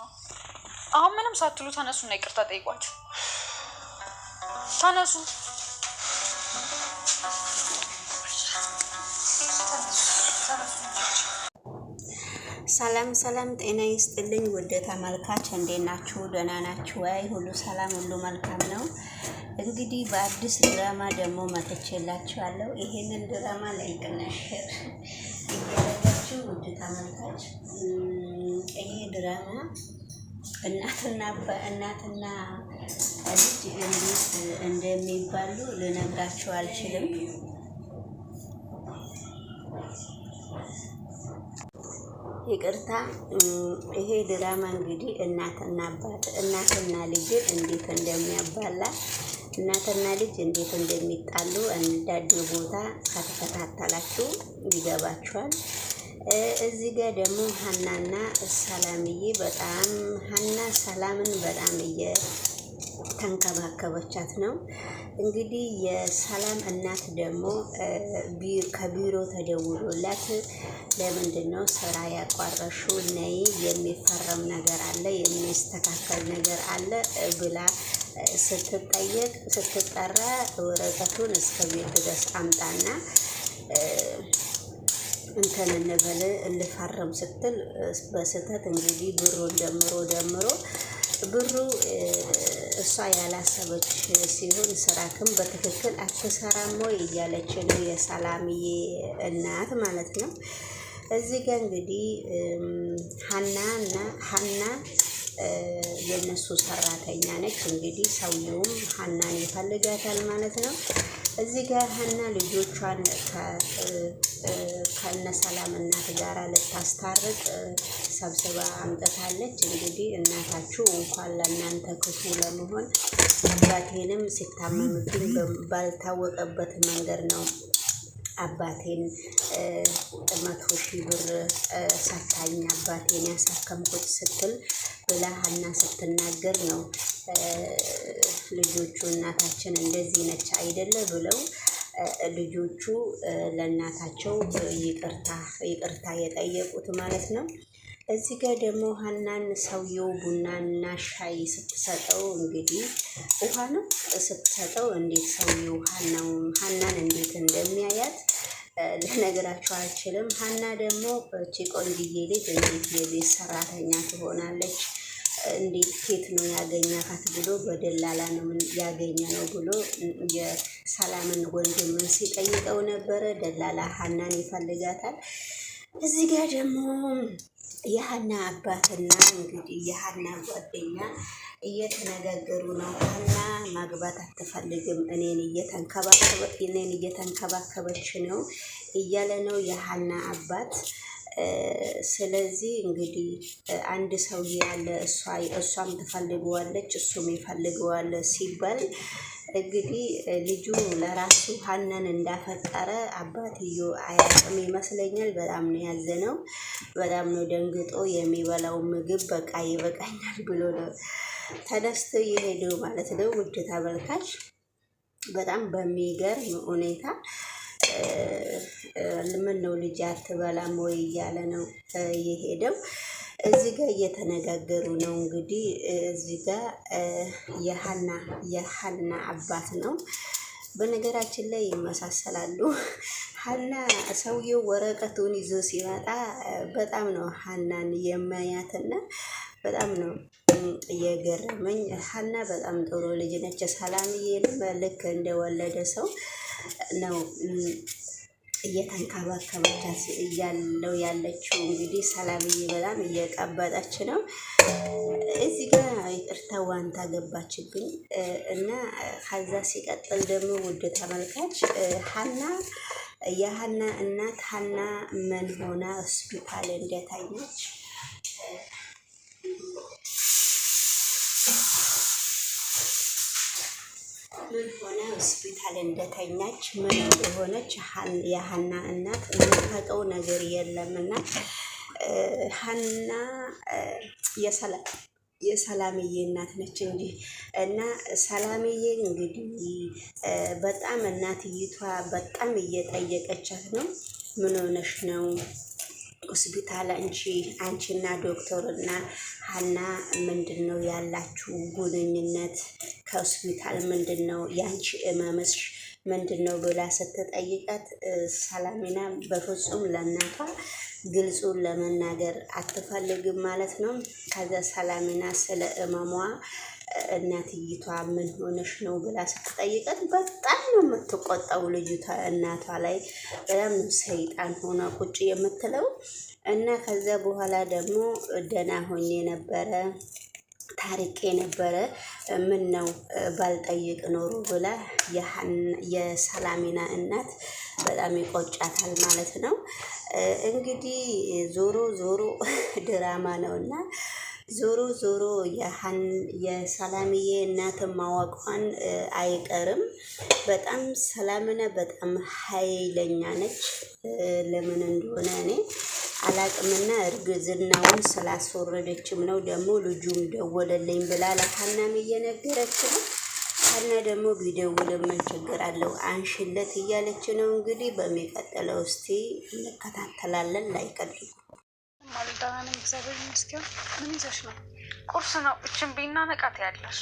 ነው። አሁን ምንም ሳትሉ ተነሱና ይቅርታ ጠይቋቸው። ተነሱ ሰላም ሰላም፣ ጤና ይስጥልኝ ውድ ተመልካች፣ እንዴት ናችሁ? ደህና ናችሁ ወይ? ሁሉ ሰላም፣ ሁሉ መልካም ነው። እንግዲህ በአዲስ ድራማ ደግሞ መጥቼላችኋለሁ። ይሄንን ድራማ ላይክና ሼር ናችሁ ውድ ተመልካች? ይሄ ድራማ እናትና እናትና ልጅ እንዴት እንደሚባሉ ልነግራችሁ አልችልም። ይቅርታ። ይሄ ድራማ እንግዲህ እናትና አባት እናትና ልጅ እንዴት እንደሚያባላ እናትና ልጅ እንዴት እንደሚጣሉ እንዳደ ቦታ ከተከታተላችሁ ይገባችኋል። እዚህ ጋር ደግሞ ሀናና ሰላምዬ በጣም ሀና ሰላምን በጣም እየተንከባከበቻት ነው። እንግዲህ የሰላም እናት ደግሞ ከቢሮ ተደውሎላት ለምንድን ነው ስራ ያቋረሹ ነይ፣ የሚፈረም ነገር አለ፣ የሚስተካከል ነገር አለ ብላ ስትጠየቅ ስትጠራ ወረቀቱን እስከ ቤት ድረስ አምጣና እንትን እንበል እንፈርም ስትል በስህተት እንግዲህ ብሩን ደምሮ ደምሮ ብሩ እሷ ያላሰበች ሲሆን ስራክም በትክክል አትሰራም ወይ እያለች ነው የሰላምዬ እናት ማለት ነው። እዚህ ጋር እንግዲህ ሀና እና ሀና የእነሱ ሰራተኛ ነች። እንግዲህ ሰውየውም ሀናን ይፈልጋታል ማለት ነው። እዚህ ጋር ሀና ልጆቿን ከነሰላም እናት ጋር ልታስታርቅ ሰብስባ አምጥታለች። እንግዲህ እናታችሁ እንኳን ለእናንተ ክፉ ለመሆን አባቴንም ሲታመምብኝ ባልታወቀበት መንገድ ነው አባቴን መቶ ሺህ ብር ሰታኝ አባቴን ያሳከምኩት ስትል ብላ ሀና ስትናገር ነው ልጆቹ እናታችን እንደዚህ ነች አይደለ ብለው ልጆቹ ለእናታቸው ይቅርታ ይቅርታ የጠየቁት ማለት ነው። እዚህ ጋር ደግሞ ሀናን ሰውየው ቡናና ሻይ ስትሰጠው እንግዲህ ውሃ ነው ስትሰጠው፣ እንዴት ሰውየው ሀናን እንዴት እንደሚያያት ልነግራችሁ አልችልም። ሀና ደግሞ እቺ ቆንጅዬ ልጅ እንዴት የቤት ሰራተኛ ትሆናለች እንዴት ኬት ነው ያገኛታት ብሎ በደላላ ነው ያገኘ ነው ብሎ የሰላምን ወንድምን ሲጠይቀው ነበረ። ደላላ ሀናን ይፈልጋታል። እዚህ ጋር ደግሞ የሀና አባትና እንግዲህ የሀና ጓደኛ እየተነጋገሩ ነው። ሀና ማግባት አትፈልግም፣ እኔን እየተንከባከበች ነው እያለ ነው የሀና አባት ስለዚህ እንግዲህ አንድ ሰው ያለ እሷም ትፈልገዋለች እሱም ይፈልገዋል ሲባል እንግዲህ ልጁ ለራሱ ሀናን እንዳፈቀረ አባትዮ አያውቅም ይመስለኛል። በጣም ነው ነው፣ በጣም ነው ደንግጦ የሚበላው ምግብ በቃ ይበቃኛል ብሎ ነው ተነስቶ የሄደው ማለት ነው። ውድ ተመልካች በጣም በሚገርም ሁኔታ ምን ነው ልጅ አትበላም ወይ እያለ ነው የሄደው። እዚህ ጋር እየተነጋገሩ ነው እንግዲህ። እዚህ ጋር የሀና የሀና አባት ነው። በነገራችን ላይ ይመሳሰላሉ። ሀና ሰውየው ወረቀቱን ይዞ ሲመጣ በጣም ነው ሀናን የማያትና በጣም ነው የገረመኝ ሀና በጣም ጥሩ ልጅ ነች። ሰላምዬንም ልክ እንደወለደ ሰው ነው እየተንከባከበቻት እያለው ያለችው እንግዲህ ሰላምዬ በጣም እየቀበጠች ነው። እዚ ጋር ይቅርታ ዋንታ ገባችብኝ እና ከዛ ሲቀጥል ደግሞ ውድ ተመልካች ሀና የሀና እናት ሀና ምን ሆና ሆስፒታል እንደታኘች ምን ሆነ ሆስፒታል እንደተኛች ምን እንደሆነች የሀና እናት የምታውቀው ነገር የለምና ሀና የሰላምዬ እናት ነች እንጂ እና ሰላምዬ እንግዲህ በጣም እናትይቷ በጣም እየጠየቀቻት ነው። ምን ሆነሽ ነው ሆስፒታል አንቺ አንቺና ዶክተርና ሀና ምንድን ነው ያላችሁ ግንኙነት? ከሆስፒታል ምንድን ነው ያንቺ እመምሽ ምንድን ነው ብላ ስትጠይቃት ሰላሚና በፍጹም ለእናቷ ግልጹን ለመናገር አትፈልግም ማለት ነው። ከዛ ሰላሚና ስለ እመሟ እናትይቷ ምን ሆነሽ ነው ብላ ስትጠይቀት በጣም ነው የምትቆጣው ልጅቷ። እናቷ ላይ በጣም ሰይጣን ሆነ ቁጭ የምትለው እና ከዛ በኋላ ደግሞ ደህና ሆኜ ነበረ ታሪክ የነበረ ምን ነው ባልጠይቅ ኖሮ ብላ የሰላሚና እናት በጣም ይቆጫታል ማለት ነው። እንግዲህ ዞሮ ዞሮ ድራማ ነው እና ዞሮ ዞሮ የሰላምዬ እናት ማወቋን አይቀርም። በጣም ሰላምነ በጣም ኃይለኛ ነች። ለምን እንደሆነ እኔ አላቅምና እርግዝናውን ስላስወረደችም ነው። ደግሞ ልጁም ደወለልኝ ብላ ለሀናም እየነገረች ነው። ሀና ደግሞ ቢደውል ምን ችግር አለው አንሽለት እያለች ነው። እንግዲህ በሚቀጥለው እስቲ እንከታተላለን። ላይክ ማል ደህና ነኝ፣ እግዚአብሔር ይመስገን። ምን ይዘሽ ነው? ቁርስ ነው። እችን ቤና ነቃት ያለሽ